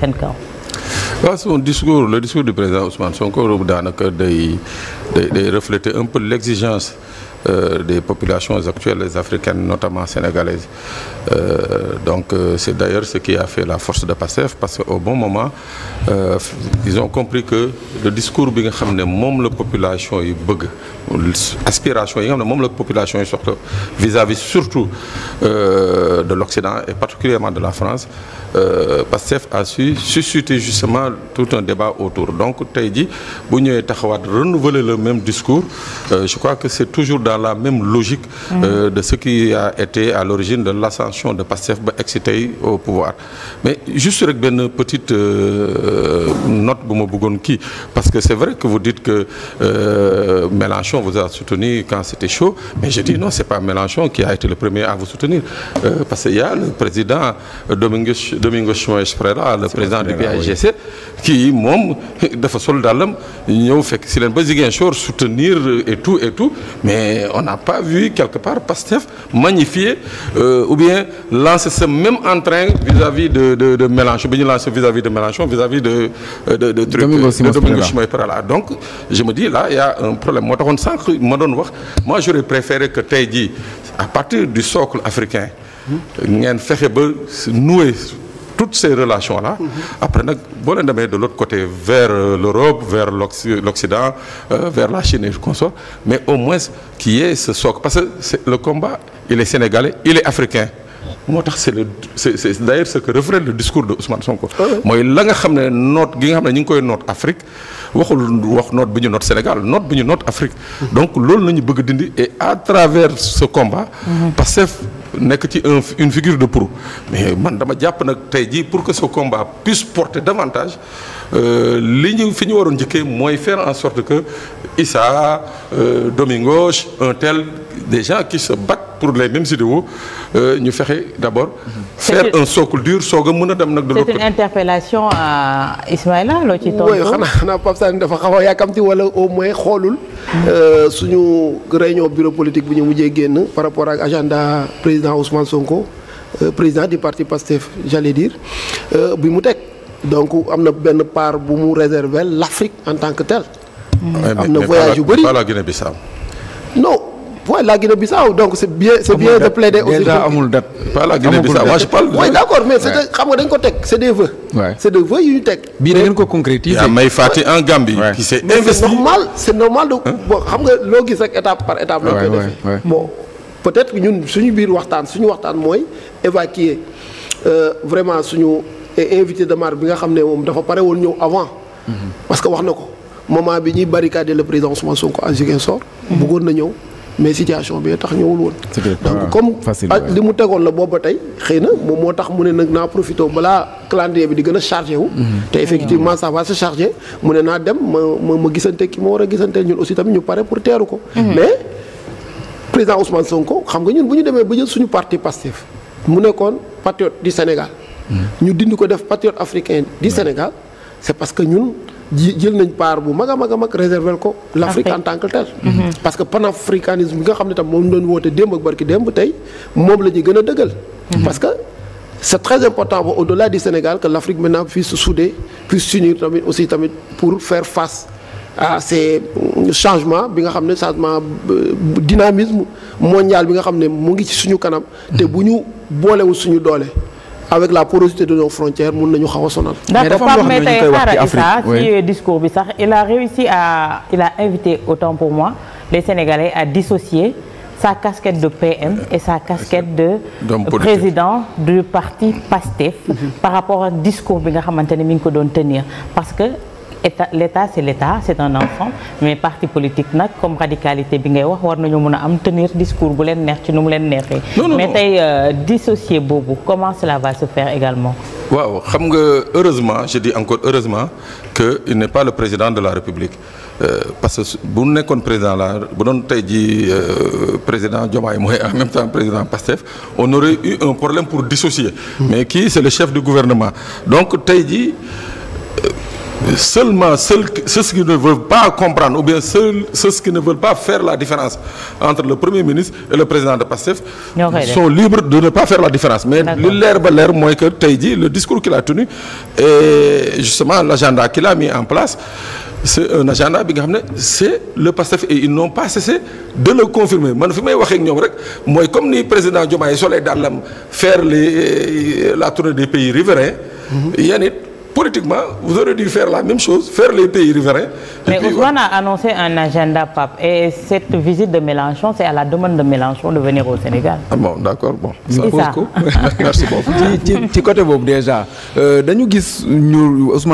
seen kaw. waaw son discours le discours du président Ousmane Sonko roobu daanaka day day day refléter un peu l'exigence euh, des populations actuelles africaines notamment sénégalaises euh, donc euh, c'est d'ailleurs ce qui a fait la force de Pastef parce que au bon moment euh, ils ont compris que le discours bi nga xam ne moom la population yi bëgg aspiration yi nga xam ne moom la population yi soxla vis-à-vis surtout euh, de l'Occident et particulièrement de la France euh, Pastef a su susciter justement tout un débat autour donc tey ji bu ñëwee taxawaat renouveler le même discours euh, je crois que c'est toujours dans la même logique mm. euh, de ce qui a été à l'origine de l'ascension de Pastef ba egsi tey au pouvoir mais juste rek benn petite euh, note bu ma bëggoon kii parce que c'est vrai que vous dites que Mélenchon Mélenchon vous a soutenu quand c'était chaud mais je dis non c'est pas Mélenchon qui a été le premier à vous soutenir euh, parce qu'il a le président Domingos Domingos Moïse le président du PAIGC kii moom dafa sol dàllam ñëw fekk pas vu quelque part Pastef magnifier euh, ou bien lancer ce même entrain vis-à-vis de de de Mélenchon bi ñu lancer vis-à-vis de Mélenchon vis à euh, donc je me dis là il y a un problème sànq ma doon wax moi j'aurais préféré que tey jii à partir du socle africain ngeen fexe ba nouer toutes ces relations là après nag boo leen demee de l'autre côté vers euh, l'Europe vers l'Occident euh, vers la Chine et consorts mais au moins qu'il y ait ce socle parce que le combat il est sénégalais il est africain moo tax c'est le c'est ce que reflète le discours de Ousmane Sonko. Ah mooy la nga xam ne noot gi nga xam ne ñu ngi koy noot Afrique waxul wax noot bi ñu noot Sénégal noot bi ñu noot Afrique. donc loolu la ñu bëgg dindi et à travers ce combat. Mhm. Pastef nekk ci un une figure de proue mais man dama jàpp nag tey jii pour que ce combat puisse porter davantage euh, li ñu fi ñu waroon njëkkee mooy faire en sorte que Issa euh, Domingos un tel. des gens qui se battent pour les mêmes idéaux euh, ñu fexe d'abord mhm. faire un socle dur soog a mën a dem nag de l'autre c'est une interpellation à Ismaïla a ci tontu xanaa xanaa Pape Sane dafa xaw a yàkkamti wala au moins xoolul euh, suñu réunion bureau politique bu ñu mujjee génn par rapport ak agenda président Ousmane Sonko euh, président du parti PASTEF j'allais dire bi mu teg donc am na benn part bu mu réserver l'Afrique en tant que telle am na voyage yu bëri non Ouais, la Guinée-Bissau donc c'est bien c'est bien de plaider aussi déjà amul date dañ ko teg c'est des vœux ouais. c'est des vœux yu ñu ko concrétiser may fàtte en Gambie qui s'est investi c'est normal c'est xam nga loo gis rek étape par étape la koy defee bon peut-être ñun suñu biir waxtaan suñu waxtaan mooy évacuer euh, vraiment suñu invité de marque bi nga xam ne moom dafa pare woon ñëw avant mhm. parce que wax na ko moment bi ñuy barricader le président Ousmane Sonko à Ziguinchor mhm. bëggoon na ñëw mais situation bi tax ñëwul woon. donc ah, comme li mu tegoon la boobu ba tey xëy na moom moo tax mu ne nag naa profité balaa calendrier bi di gën a chargé wu. Mhm. te effectivement ça va se charger mu ne naa dem ma ma gisante ki ma war a gisanteel ñun aussi tamit ñu pare pour teeru ko. Mhm. mais président Ousmane Sonko xam nga ñun bu ñu demee ba jël suñu parti Pastef mu nekkoon patriote di Sénégal. Mhm. ñu dindi ko def patriote africain di Sénégal c'est parce que ñun. jël nañ part bu mag a mag a mag réserver ko l' Afrique en tant que tel mhm. parce que panafricanisme bi nga xam ne tam moom doon woote démb ak barki démb tey moom la ñuy gën a dëggal mhm. parce que c' est très important ba au delà du Sénégal que l' Afrique maintenant puisse se souder puisse s'unir tamit aussi tamit pour faire face ah c'est euh, changement bi nga xam ne changement euh, dynamisme mondial bi nga xam ne mu ngi ci suñu kanam te mhm. bu ñu boolewul suñu doole avec la porosité de nos frontières mun nañu xaw a sonal. mais dafa am loo xam discours bi sax il a réussi à il a invité autant pour moi les Sénégalais à dissocier sa casquette de PM et sa casquette de président du parti PASTEF mm-hmm. par rapport ak discours bi nga xamante ne mi ngi ko doon tenir parce que état l'état c'est l'état c'est un ensemble mais parti politique nag comme radicalité bi ngay wax war nañu mën a am tenir discours bu leen neex ci nu mu leen neexee. mais tey euh, dissocier boobu comment cela va se faire également. waaw xam nga heureusement je dis encore heureusement que il n'est pas le président de la République euh, parce que bu nekkoon président la bu doon tey jii euh, président Diomaye mooy en même temps président Pastef on aurait eu un problème pour dissocier. Mm. mais kii c'est le chef du gouvernement donc tey jii. seulement ceux, ceux qui ne veulent pas comprendre ou bien ceux, ceux qui ne veulent pas faire la différence entre le premier ministre et le président de PASTEF sont libres de ne pas faire la différence mais li leer ba leer mooy que tey jii le discours qu'il a tenu et justement l'agenda qu'il a mis en place c'est un agenda bi nga xam ne c'est le PASTEF et ils n'ont pas cessé de le confirmer man fi may waxee ak rek mooy comme ni président Diomaye solee dàllam faire les la tournée des pays riverains mhm. politiquement vous aurez dû faire la les pays riverains. mais puis, Ousmane a annoncé un agenda Pape et cette visite de Mélenchon c'est à la demande de Mélenchon de venir au Sénégal. ah bon d'accord bon. ci ci côté boobu déjà euh, dañu gis ñu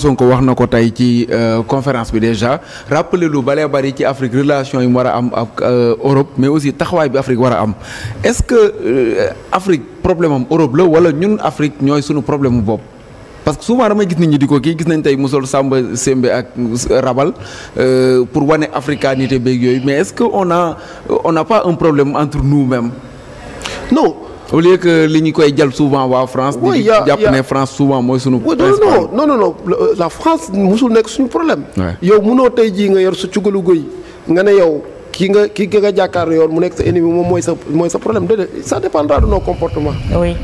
son ko wax na ko tey ci euh, conférence bi déjà rappeler lu balee bari ci Afrique relation yu mu war a am ak euh, Europe mais aussi taxawaay bi Afrique war a am est-ce que Afrique problème am Europe la wala ñun Afrique ñooy sunu problème mu bopp. parce que souvent damay gis nit ñi di ko kii gis nañ tey musol Samba Sembe ak Rabal euh, pour wane africanité beeg yooyu mais est-ce que on a on n'a pas un problème entre nous-mêmes. non. au lieu li ñu koy jël souvent waa France. di jàpp ne France souvent mooy sunu. non non non euh, la France musul nekk suñu problème. yow munoo tey jii nga yor sa cugalu goy nga ne yow. ki nga ki nga jàkkaar yoon mu nekk sa ennemi moom mooy sa mooy sa problème déedéet ça dépendra de nos comportements.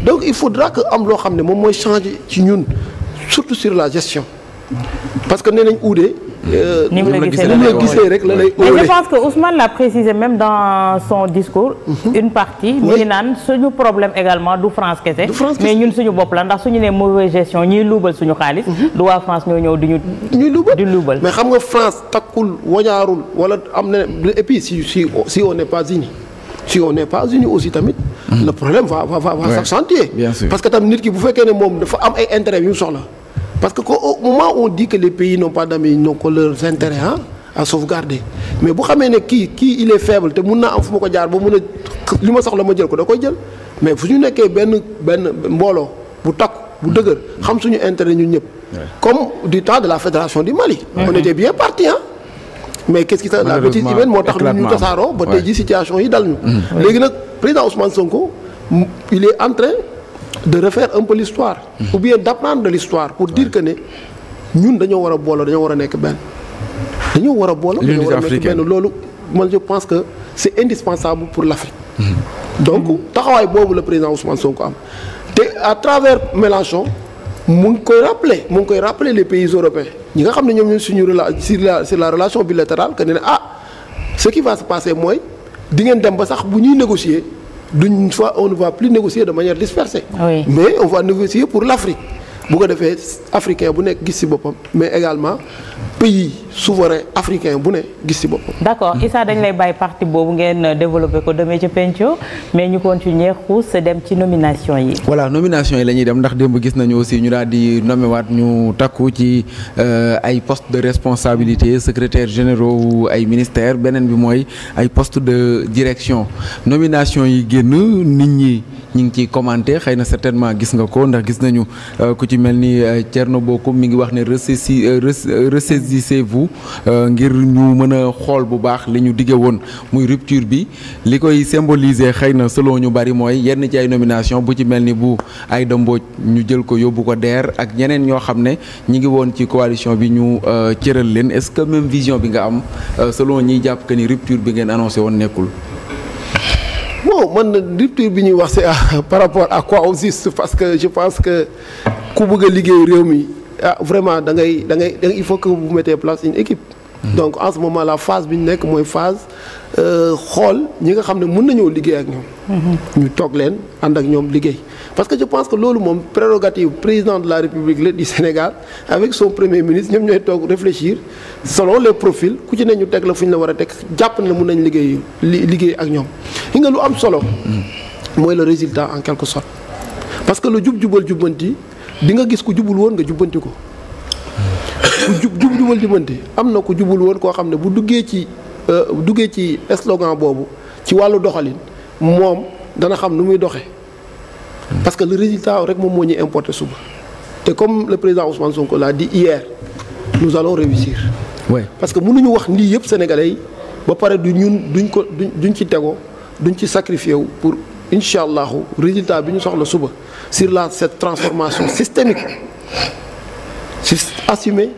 donc il faudra que am loo xam ne moom mooy changer ci ñun surtout sur la gestion parce que nee nañ uudee. Euh, ni mu la gisee la lay mais je pense que Ousmane l'a précisé même dans son discours. Mhm. une partie mu ngi naan suñu problème également du France kese. mais ñun suñu bopp la ndax suñu nee mauvaise gestion ñuy luubal suñu xaalis. Mhm. du waa France ñoo ñëw di ñu. ñuy luubal di luubal. mais xam nga France takkul wañaarul wala am na et puis si si si on n'est pas unis si on n'est pas unis aussi tamit. Mhm. le problème va va va s'accentuer. parce que tam nit ki bu fekkee ne moom dafa am ay intérêt yu soxla. Parce que au moment où on dit que les pays n'ont pas d'amis, ils n'ont leurs intérêts hein, à mais bu xamee ne kii kii il est faible te mun naa am fu ma ko jaar ba mun a li ma soxla ma jël ko da koy jël mais fu ñu nekkee benn benn mbooloo bu takku bu dëgër xam suñu intérêt ñun ñëpp. comme du temps de la fédération di Mali. Ouais. on bien parti mais qu'est-ce qui la petite humaine moo tax ñu tasaaroo ba tey jii situation yi dal ñu. léegi nag président Ousmane Sonko il de refaire un peu l'histoire ou bien d'apprendre de l'histoire pour dire que ne ñun dañoo war a booloo dañoo war a nekk benn dañoo war a booloo dañoo war a nekk benn loolu man je pense que c'est indispensable pour l'Afrique mm-hmm. donc mm-hmm. taxawaay boobu la président Ousmane ko am te à travers Mélenchon mu ngi koy rappeler mu ngi koy rappeler les pays européens ñi nga xam ne ñoom ñun suñu rela sur la sur la relation bilatérale que ne ne ah ce qui va se passer mooy di ngeen ba sax bu ñuy négocier duñ soit on ne va plus négocier de manière dispersée. Oui. mais on va négocier pour l'Afrique. bu ko defee africain bu nekk gis ci boppam mais également pays souverain africain bu ne gis ci boppam. d'accord Issa dañ lay bàyyi parti boobu ngeen développé ko demee ca penco mais ñu continuer xuus dem ci nomination yi. voilà nomination yi lañuy dem ndax démb gis nañu aussi ñu daal di nommé ñu takku ci euh, ay postes de responsabilité secretaire générau ay ministères beneen bi mooy ay postes de direction nomination yi génn nit ñi. ñi ngi ciy commenté xëy na certainement gis nga ko ndax gis nañu euh, ku ci mel ni euh, Thierno Bocoum mi ngi wax ne ressaisi euh, ressaisissez-vous ngir ñu mën a xool bu baax li ñu dige woon muy rupture bi li koy symboliser xëy na selon ñu bari mooy yenn ci ay nomination bu ci mel ni bu ay Mbodj ñu jël ko yóbbu ko deer ak ñeneen ñoo xam ne ñu ngi woon ci coalition bi ñu cëral leen est-ce que même vision bi nga am selon ñiy jàpp que ni rupture bi ngeen annoncé woon nekkul bon man rupture bi ñuy wax c'est ah, par rapport à quoi au juste parce que je pense que ku bëgg liggéey réew mi ah vraiment da ngay da ngay il faut que vous mettez place une équipe donc en ce la phase bi ñu nekk mooy phase euh, xool ñi nga xam ne mun nañoo liggéey ak ñoom. Mm-hmm. ñu toog leen ànd ak ñoom liggéey parce que je pense que loolu moom prérogative président de la république la di Sénégal avec son premier ministre ñoom ñooy toog réfléchir selon les profil ku ci ne ñu teg la fu ñu la war a teg jàpp na mun nañ liggéey liggéey ak ñoom li nga lu am solo. Mm-hmm. mooy le résultat en quelque sorte parce que lu jub jubal jubbanti di nga gis ku jubul woon nga jubbanti jub jub jubal jubanti am na ko jubul woon koo xam ne bu duggee ci euh, duggee ci slogan boobu ci wàllu doxalin moom dana xam nu muy doxee parce que le résultat rek moom moo ñuy importé suba te comme le président Ousmane Sonko l'a dit hier nous allons réussir. oui parce que mënuñu wax lii yëpp sénégalais ba pare du ñun duñ ko duñ duñ ci tegoo duñ ci sacrifié wu pour incha allahu résultat bi ñu soxla suba sur la cette transformation systémique. assumée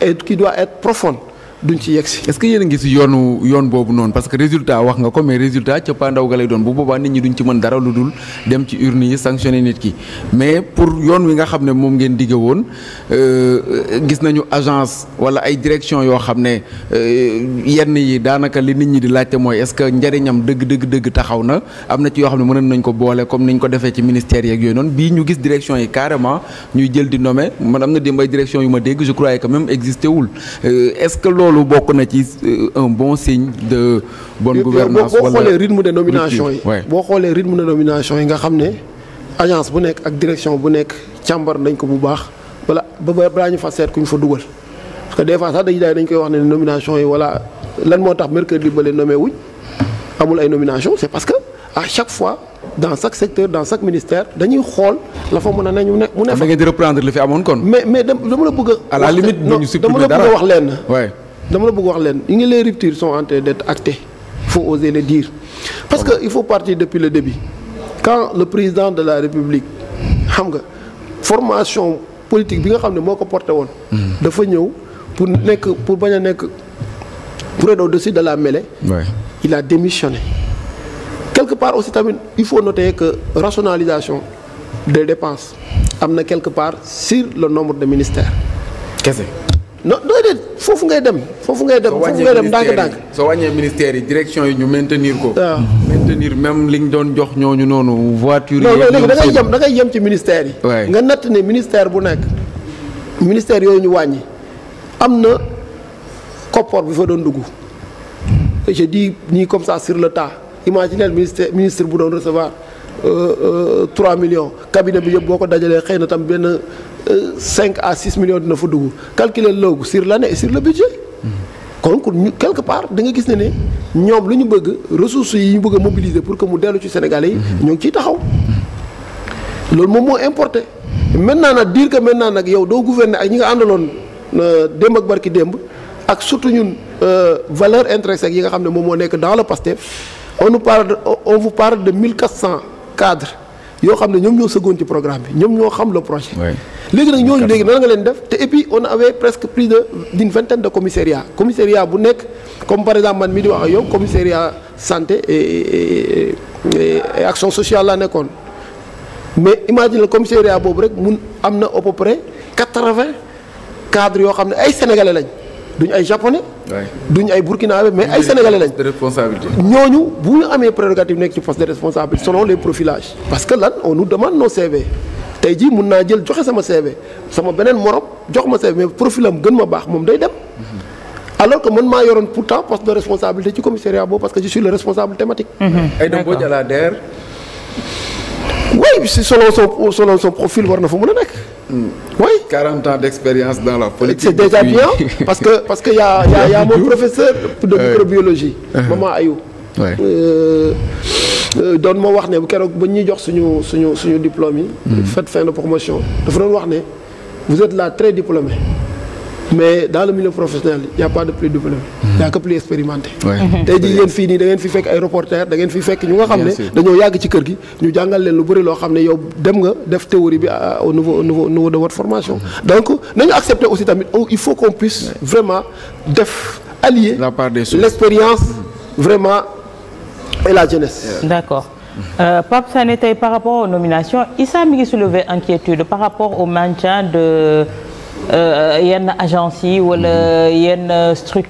et qui doit être profonde. duñ ci yegg si. est-ce ngi si yoonu yoon boobu noonu parce que résultat wax nga ko mais résultat cappaandaw ga lay doon bu boobaa nit ñi duñ ci mën dara lu dul dem ci urne yi sanctionné nit ki mais pour yoon wi nga xam ne moom ngeen digge woon euh, gis nañu agence wala ay direction yoo xam ne euh, yenn yi daanaka li nit ñi di laajte mooy est-ce que njariñam dëgg dëgg dëgg taxaw na am na ci yoo xam ne mënoon nañ ko boole comme niñ ko defee ci ministère yeeg yooyu noonu bii ñu gis direction yi carrément ñuy jël di nommer man am na démb ay direction ma dégg je croyais que même existé wul euh, loolu bokk na ci euh, bon signe de bonne gouvernance boo xoolee rythme de nomination yi boo xoolee rythme de yi nga xam ne agence bu nekk ak direction bu nekk càmbar nañ ko bu baax wala ba balaa ñu fa seet ku ñu fa dugal parce que des fois sax dañu daay dañ koy wax ne nomination yi wala lan moo tax mercredi bale nommé wuñ amul ay nomination c'est parce que à chaque fois dans chaque secteur dans chaque ministère dañuy xool la fa mën a nañu ne mu ne fa. da ngeen di fi amoon kon. mais mais dama la bëgg a. à la limite ñu supprimer dara dama la bëgg wax lenn. dama la bëgg wax leen yi ngi les ruptures sont en train d'être actées faut oser le dire parce que il faut partir depuis le début quand le président de la république xam nga formation politique bi nga xam ne moo ko porté woon dafa ñëw pour nekk pour bañ a nekk pour être au de la mêlée ouais. il a démissionné quelque part aussi tamit il faut noter que rationalisation des dépenses am na quelque part sur le nombre de ministères kese no déedéet foofu ngay dem foofu ngay dem foofu ngay dem ndànk-ndànk soo wàññee ministère yi direction yi ñu maintenir ko waaw maintenir même liñ doon jox ñooñu noonu voiture non léegi da ngay jëm da jëm ci ministère yi nga natt ne bu nekk ministère yooyu ñu wàññi am na koppor bi fa doon dugg je dis nii comme ça sur le tas imaginez ministère ministre bu doon recevoir 3 euh, euh, millions cabinet bi yëpp boo ko dajalee xëy na tam benn cinq à six millions dina fa dugg calculer loogu sur la et sur le budget kon kon quelque part da nga gis ne ne ñoom lu ñu bëgg ressources yi ñu bëgg mobiliser pour que mu dellu ci Sénégalais yi mhm. ñoo ngi ciy taxaw loolu moom moo importé maintenant nag dire que maintenant nag yow doo gouverner ak ñi nga àndaloon euh, démb ak barki démb ak surtout ñun euh, valeur intrinsèque yi nga xam ne moom moo nekk dans le PASTEF on nous parle on vous parle de 1400 yoo xam ne ñoom ñoo sëggoon ci programme bi ñoom ñoo xam le projet. léegi nag ñooñu léegi nan nga leen def te et puis on avait presque plus de d'une vingtaine de commissariats commissariat bu nekk comme par exemple man mi di wax ak yow commissariat santé action sociale la nekkoon mais imagine le commissariat boobu rek mun am na à peu près quatre-vingts cadres yoo xam ne ay sénégalais lañ. duñ ay japonais. duñ ay burkinabé mais ay sénégalais lañ. responsabilité ñooñu bu ñu amee prérogative nekk ci poste de responsabilité selon les profilages. parce que lan on nous demande nos CV. tey jii mun naa jël joxe sama CV sama beneen morom jox ma CV mais profilam gën ma baax moom day dem. alors que man maa yoroon pourtant poste de responsabilité ci commissariat boobu parce que je suis le responsable thématique. Mm-hmm. ay dem si selon son profil war na fa mën a nekk. oui 40 ans d'expérience dans la politique. c'est déjà bien parce que parce que y a y a a mon professeur de euh. microbiologie. Euh. maman Ayou. Euh, doon moo wax ne bu keroog ba ñuy jox suñu suñu suñu diplôme yi. Mm. fête fin de promotion dafa doon wax ne vous êtes là très diplômé mais dans la milieu professionnel y a pas de plus diplômé. y a que plus expérimenté tey jii yéen fii nii da ngeen fi fekk ay reporter da fi fekk ñu nga xam ne dañoo yàgg ci kër gi ñu jàngal leen lu bëri xam ne yow dem nga def théorie bi euh, au niveau au de formation mm-hmm. donc nañu accepter aussi tamit oh, il faut qu'on puisse vraiment def allier la part des choses l'expérience mm-hmm. vraiment et la jeunesse d'accord Euh, Pape Sané tey par rapport aux nominations Issa mi ngi soulever inquiétude par rapport au maintien de euh, yenn agence wala mm-hmm. yenn